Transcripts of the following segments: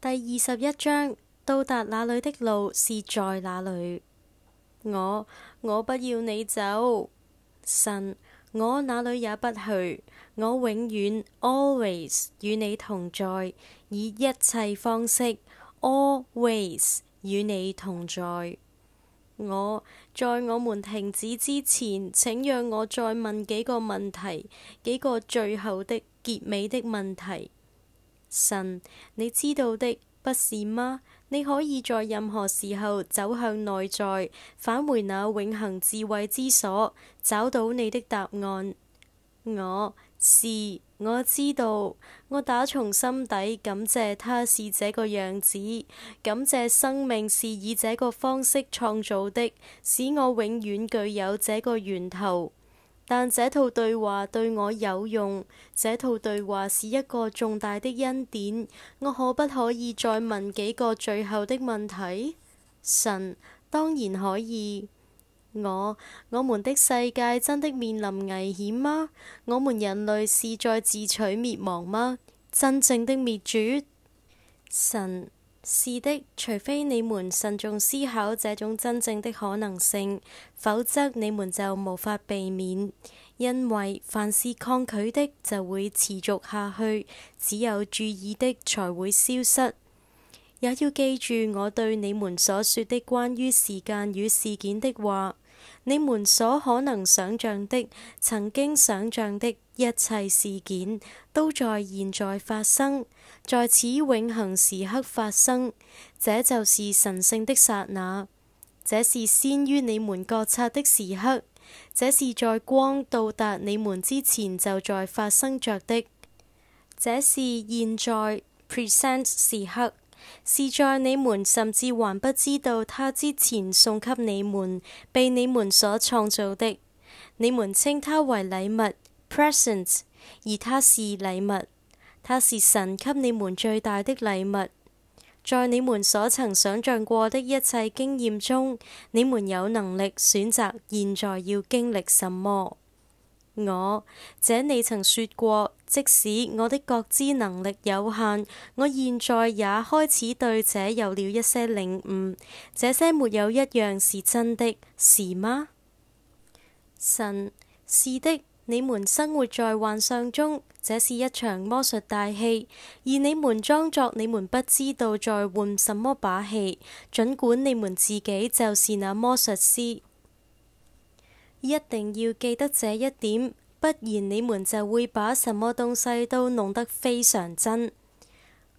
第二十一章：到達那裡的路是在那裡？我我不要你走，神，我哪裡也不去，我永遠 Always 與你同在，以一切方式 Always 與你同在。我在我們停止之前，請讓我再問幾個問題，幾個最後的結尾的問題。神，你知道的，不是嗎？你可以在任何時候走向內在，返回那永恒智慧之所，找到你的答案。我是我知道，我打從心底感謝他是這個樣子，感謝生命是以這個方式創造的，使我永遠具有這個源頭。但這套對話對我有用，這套對話是一個重大的恩典。我可不可以再問幾個最後的問題？神，當然可以。我，我們的世界真的面臨危險嗎？我們人類是在自取滅亡嗎？真正的滅絕？神。是的，除非你們慎重思考這種真正的可能性，否則你們就無法避免。因為凡是抗拒的就會持續下去，只有注意的才會消失。也要記住我對你們所說的關於時間與事件的話：你們所可能想象的，曾經想象的。一切事件都在現在發生，在此永恒時刻發生。這就是神聖的剎那，這是先於你們覺察的時刻，這是在光到達你們之前就在發生着的。這是現在 present 時刻，是在你們甚至還不知道他之前送給你們，被你們所創造的。你們稱他為禮物。Present，而它是禮物，它是神給你們最大的禮物。在你們所曾想象過的一切經驗中，你們有能力選擇現在要經歷什麼。我，這你曾說過，即使我的覺知能力有限，我現在也開始對這有了一些領悟。這些沒有一樣是真的，是嗎？神，是的。你們生活在幻象中，這是一場魔術大戲，而你們裝作你們不知道在玩什麼把戲，儘管你們自己就是那魔術師。一定要記得這一點，不然你們就會把什麼東西都弄得非常真。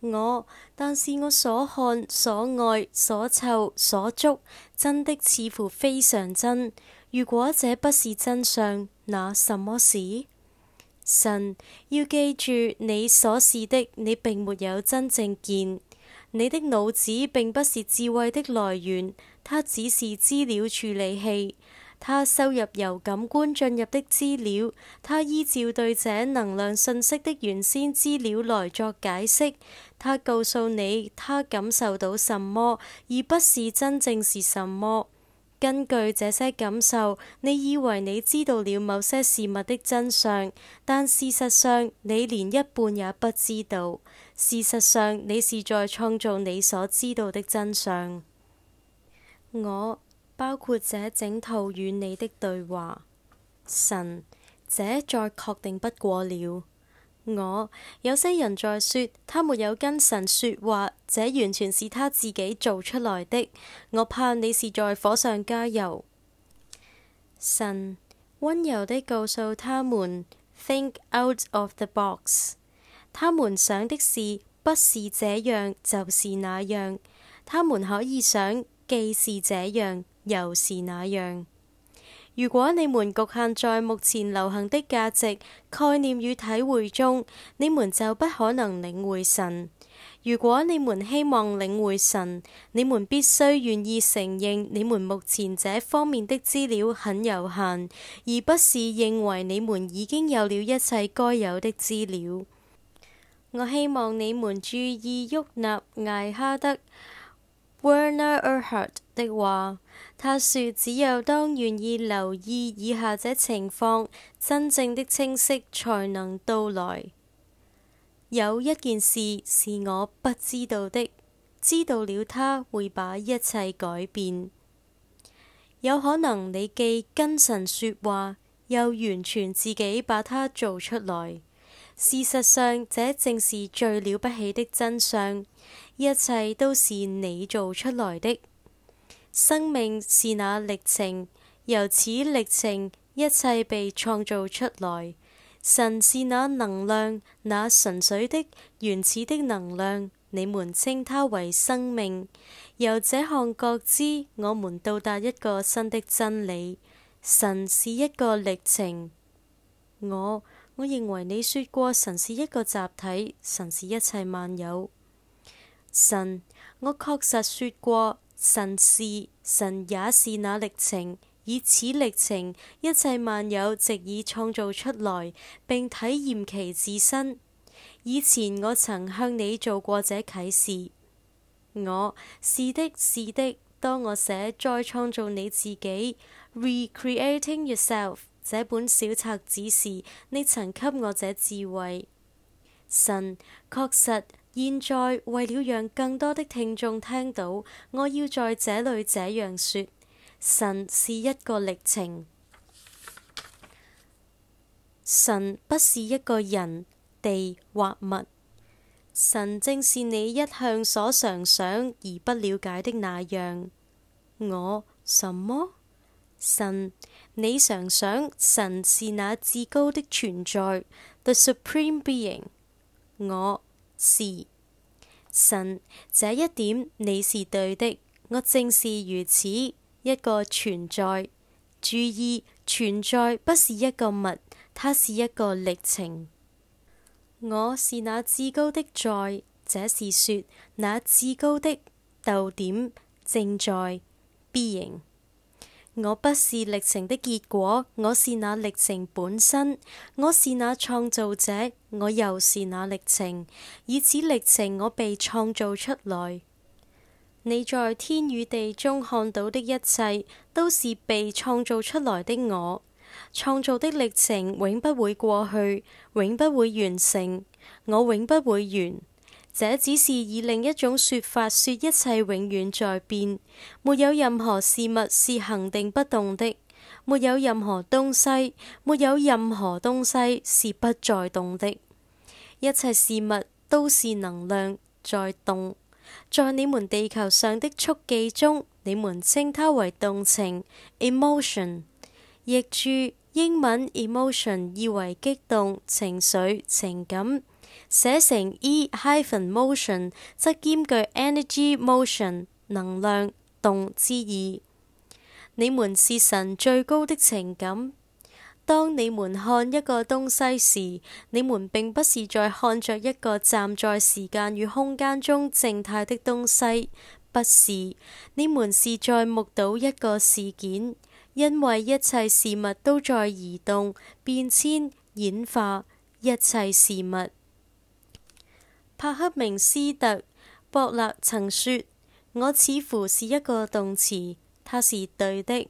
我，但是我所看、所愛、所嗅、所觸，真的似乎非常真。如果這不是真相，那什麼事？神，要記住，你所視的，你並沒有真正見。你的腦子並不是智慧的來源，它只是資料處理器。它收入由感官進入的資料，它依照對這能量信息的原先資料來作解釋。它告訴你，它感受到什麼，而不是真正是什麼。根據這些感受，你以為你知道了某些事物的真相，但事實上你連一半也不知道。事實上，你是在創造你所知道的真相。我包括這整套與你的對話，神，這再確定不過了。我有些人在說他沒有跟神說話，這完全是他自己做出來的。我怕你是在火上加油。神温柔地告訴他們：Think out of the box。他們想的是不是這樣，就是那樣。他們可以想既是這樣，又是那樣。如果你們局限在目前流行的價值概念與體會中，你們就不可能領會神。如果你們希望領會神，你們必須願意承認你們目前這方面的資料很有限，而不是認為你們已經有了一切該有的資料。我希望你們注意沃納艾哈德。Werner Erhard 的話，他說：只有當願意留意以下這情況，真正的清晰才能到來。有一件事是我不知道的，知道了，它會把一切改變。有可能你既跟神說話，又完全自己把它做出來。事實上，這正是最了不起的真相。一切都是你做出來的。生命是那歷程，由此歷程一切被創造出來。神是那能量，那純粹的原始的能量，你們稱它為生命。由這項覺知，我們到達一個新的真理：神是一個歷程。我。我認為你説過，神是一個集體，神是一切萬有。神，我確實説過，神是神，也是那歷程，以此歷程一切萬有藉以創造出來並體驗其自身。以前我曾向你做過這啟示。我是的，是的。當我寫再創造你自己，Recreating yourself。這本小冊子是你曾給我這智慧，神確實現在為了讓更多的聽眾聽到，我要在這裏這樣說：神是一個歷程，神不是一個人、地或物，神正是你一向所常想而不了解的那樣，我什麼。神，你常想神是那至高的存在，The Supreme Being 我。我是神，這一點你是對的。我正是如此一個存在。注意，存在不是一個物，它是一個歷程。我是那至高的在，這是說那至高的逗點正在 Being。我不是歷程的結果，我是那歷程本身，我是那創造者，我又是那歷程。以此歷程，我被創造出來。你在天與地中看到的一切，都是被創造出來的我。創造的歷程永不會過去，永不會完成，我永不會完。這只是以另一種說法說，說一切永遠在變，沒有任何事物是恒定不動的，沒有任何東西，沒有任何東西是不在動的。一切事物都是能量在動，在你們地球上的速記中，你們稱它為動情 （emotion），譯注英文 emotion 意為激動、情緒、情感。寫成 e-hyphen motion，則兼具 energy motion 能量動之意。你們是神最高的情感。當你們看一個東西時，你們並不是在看着一個站在時間與空間中靜態的東西，不是。你們是在目睹一個事件，因為一切事物都在移動、變遷、演化。一切事物。帕克明斯特博勒曾說：我似乎是一個動詞，它是對的。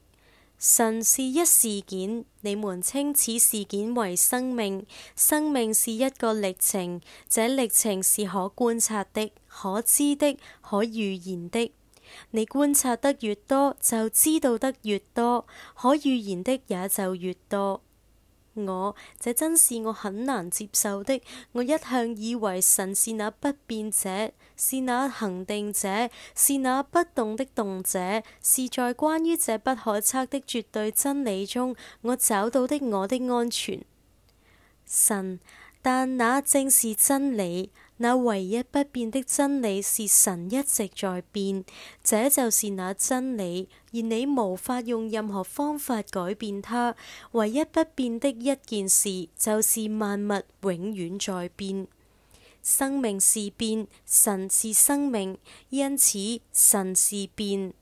神是一事件，你們稱此事件為生命。生命是一個歷程，這歷程是可觀察的、可知的、可預言的。你觀察得越多，就知道得越多，可預言的也就越多。我，這真是我很難接受的。我一向以為神是那不變者，是那恒定者，是那不動的動者，是在關於這不可測的絕對真理中，我找到的我的安全。神，但那正是真理。那唯一不變的真理是神一直在變，這就是那真理，而你無法用任何方法改變它。唯一不變的一件事就是萬物永遠在變，生命是變，神是生命，因此神是變。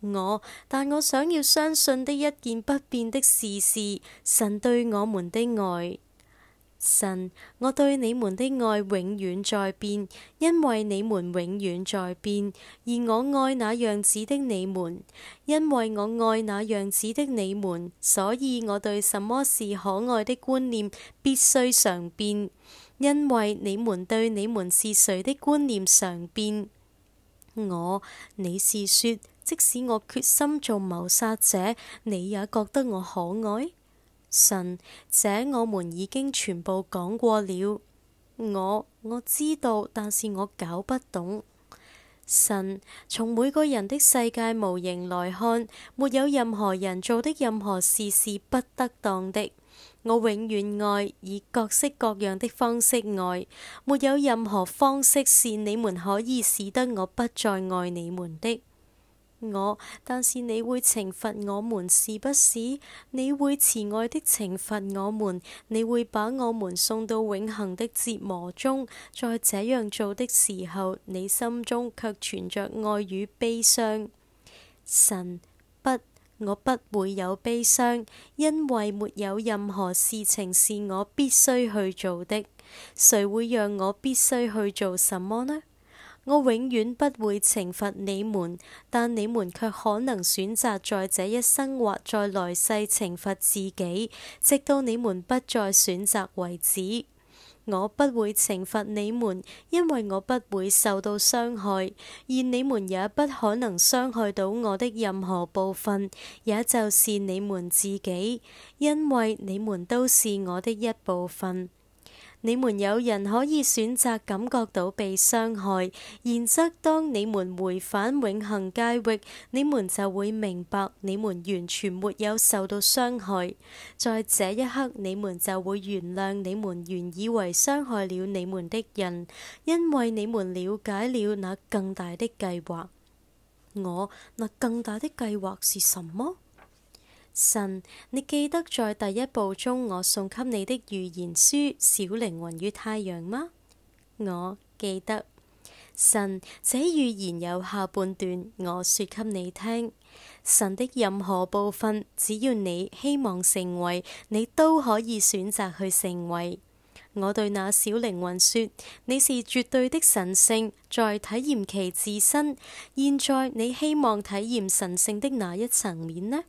我但我想要相信的一件不變的事是神對我們的愛。神，我對你們的愛永遠在變，因為你們永遠在變，而我愛那樣子的你們，因為我愛那樣子的你們，所以我對什麼是可愛的觀念必須常變，因為你們對你們是誰的觀念常變。我，你是說，即使我決心做謀殺者，你也覺得我可愛？神，這我們已經全部講過了。我我知道，但是我搞不懂。神，從每個人的世界模型來看，沒有任何人做的任何事是不得當的。我永遠愛，以各式各樣的方式愛，沒有任何方式是你們可以使得我不再愛你們的。我，但是你會懲罰我們，是不是？你會慈愛的懲罰我們，你會把我們送到永恒的折磨中。在這樣做的時候，你心中卻存着愛與悲傷。神，不，我不會有悲傷，因為沒有任何事情是我必須去做的。誰會讓我必須去做什麼呢？我永遠不會懲罰你們，但你們卻可能選擇在這一生或在來世懲罰自己，直到你們不再選擇為止。我不會懲罰你們，因為我不會受到傷害，而你們也不可能傷害到我的任何部分，也就是你們自己，因為你們都是我的一部分。你們有人可以選擇感覺到被傷害，然則當你們回返永恆界域，你們就會明白你們完全沒有受到傷害。在這一刻，你們就會原諒你們原以為傷害了你們的人，因為你們了解了那更大的計劃。我那更大的計劃是什麼？神，你記得在第一部中我送給你的預言書《小靈魂與太陽》嗎？我記得，神，這預言有下半段，我說給你聽。神的任何部分，只要你希望成為，你都可以選擇去成為。我對那小靈魂說：你是絕對的神聖，在體驗其自身。現在你希望體驗神聖的哪一層面呢？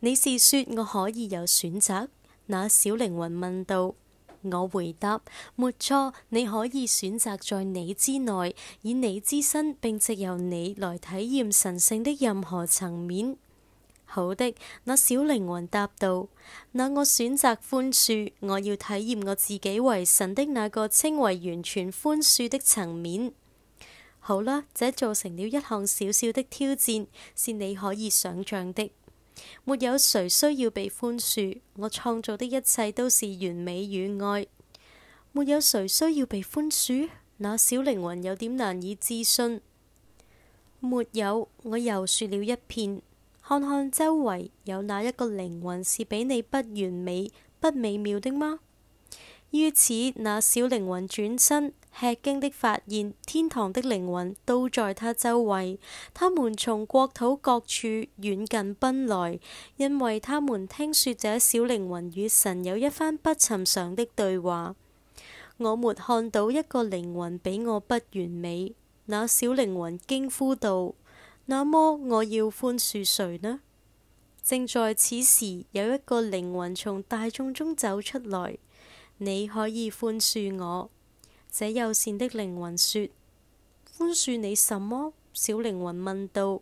你是說我可以有選擇？那小靈魂問道。我回答：沒錯，你可以選擇在你之內，以你之身，並藉由你來體驗神聖的任何層面。好的，那小靈魂答道。那我選擇寬恕，我要體驗我自己為神的那個稱為完全寬恕的層面。好啦，這造成了一項小小的挑戰，是你可以想象的。沒有誰需要被寬恕，我創造的一切都是完美與愛。沒有誰需要被寬恕，那小靈魂有點難以置信。沒有，我又說了一遍，看看周圍，有哪一個靈魂是比你不完美、不美妙的嗎？於是，那小靈魂轉身。吃驚的發現，天堂的靈魂都在他周圍。他們從國土各處遠近奔來，因為他們聽說這小靈魂與神有一番不尋常的對話。我沒看到一個靈魂比我不完美，那小靈魂驚呼道，那麼我要寬恕誰呢？正在此時，有一個靈魂從大眾中走出來，你可以寬恕我。這友善的靈魂說：寬恕你什麼？小靈魂問道。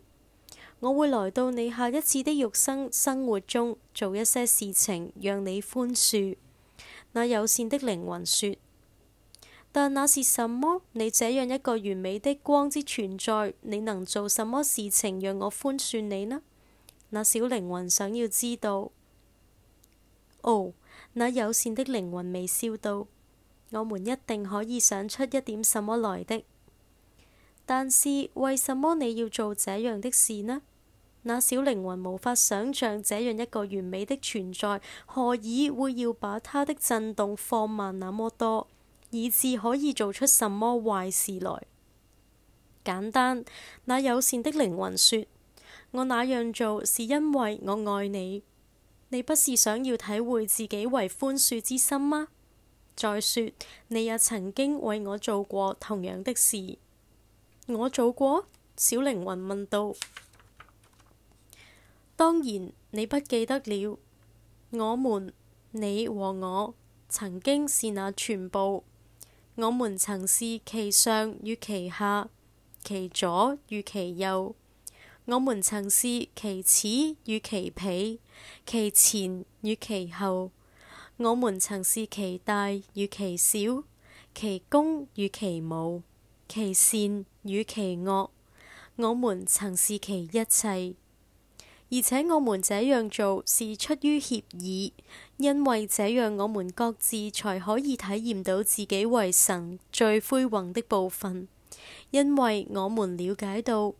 我會來到你下一次的肉身生活中，做一些事情讓你寬恕。那友善的靈魂說：但那是什麼？你這樣一個完美的光之存在，你能做什麼事情讓我寬恕你呢？那小靈魂想要知道。哦，那友善的靈魂微笑道。我們一定可以想出一點什麼來的，但是，為什麼你要做這樣的事呢？那小靈魂無法想象這樣一個完美的存在，何以會要把它的震動放慢那麼多，以致可以做出什麼壞事來？簡單，那友善的靈魂說：我那樣做是因為我愛你。你不是想要體會自己為寬恕之心嗎？再說，你也曾經為我做過同樣的事。我做過？小靈魂問道。當然，你不記得了。我們，你和我，曾經是那全部。我們曾是其上與其下，其左與其右。我們曾是其此與其彼，其前與其後。我們曾是其大與其小，其公與其母，其善與其惡。我們曾是其一切，而且我們這樣做是出於協議，因為這樣我們各自才可以體驗到自己為神最輝煌的部分。因為我們了解到，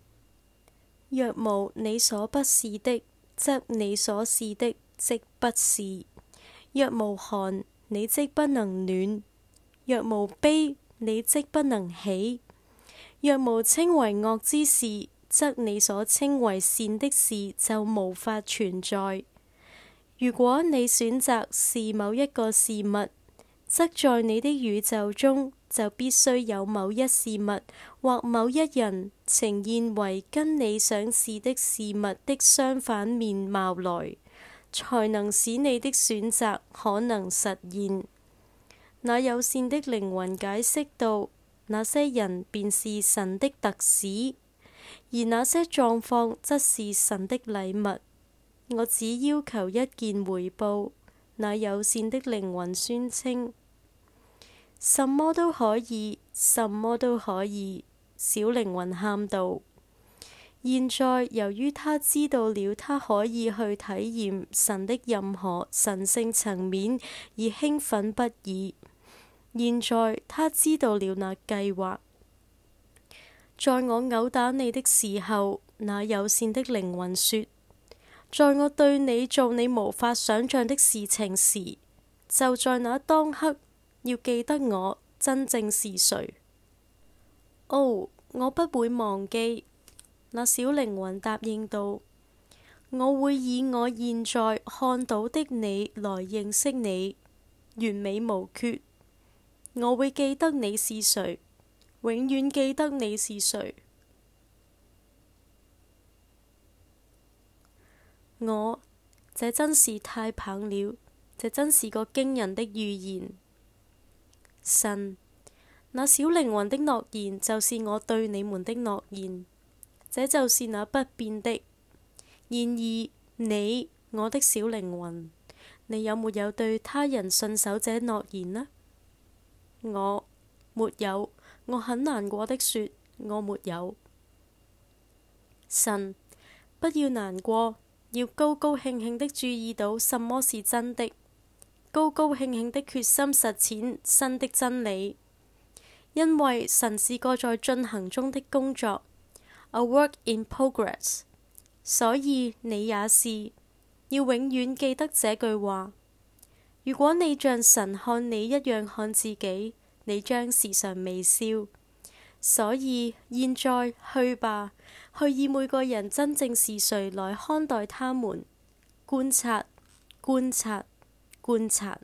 若無你所不是的，則你所是的即不是。若無寒，你即不能暖；若無悲，你即不能喜。若無稱為惡之事，則你所稱為善的事就無法存在。如果你選擇是某一個事物，則在你的宇宙中就必須有某一事物或某一人呈現為跟你想是的事物的相反面貌來。才能使你的選擇可能實現。那友善的靈魂解釋道：那些人便是神的特使，而那些狀況則是神的禮物。我只要求一件回報。那友善的靈魂宣稱：什麼都可以，什麼都可以。小靈魂喊道。現在，由於他知道了他可以去體驗神的任何神性層面而興奮不已。現在，他知道了那計劃。在我毆打你的時候，那友善的靈魂說：在我對你做你無法想像的事情時，就在那當刻要記得我真正是誰。哦，我不會忘記。那小靈魂答應道：我會以我現在看到的你來認識你，完美無缺。我會記得你是誰，永遠記得你是誰。我，這真是太棒了，這真是個驚人的預言。神，那小靈魂的諾言就是我對你們的諾言。這就是那不變的。然而，你我的小靈魂，你有沒有對他人信守這諾言呢？我沒有，我很難過的說，我沒有。神，不要難過，要高高興興的注意到什麼是真的，高高興興的決心實踐新的真理，因為神是個在進行中的工作。A work in progress，所以你也是，要永遠記得這句話。如果你像神看你一樣看自己，你將時常微笑。所以現在去吧，去以每個人真正是誰來看待他們，觀察、觀察、觀察。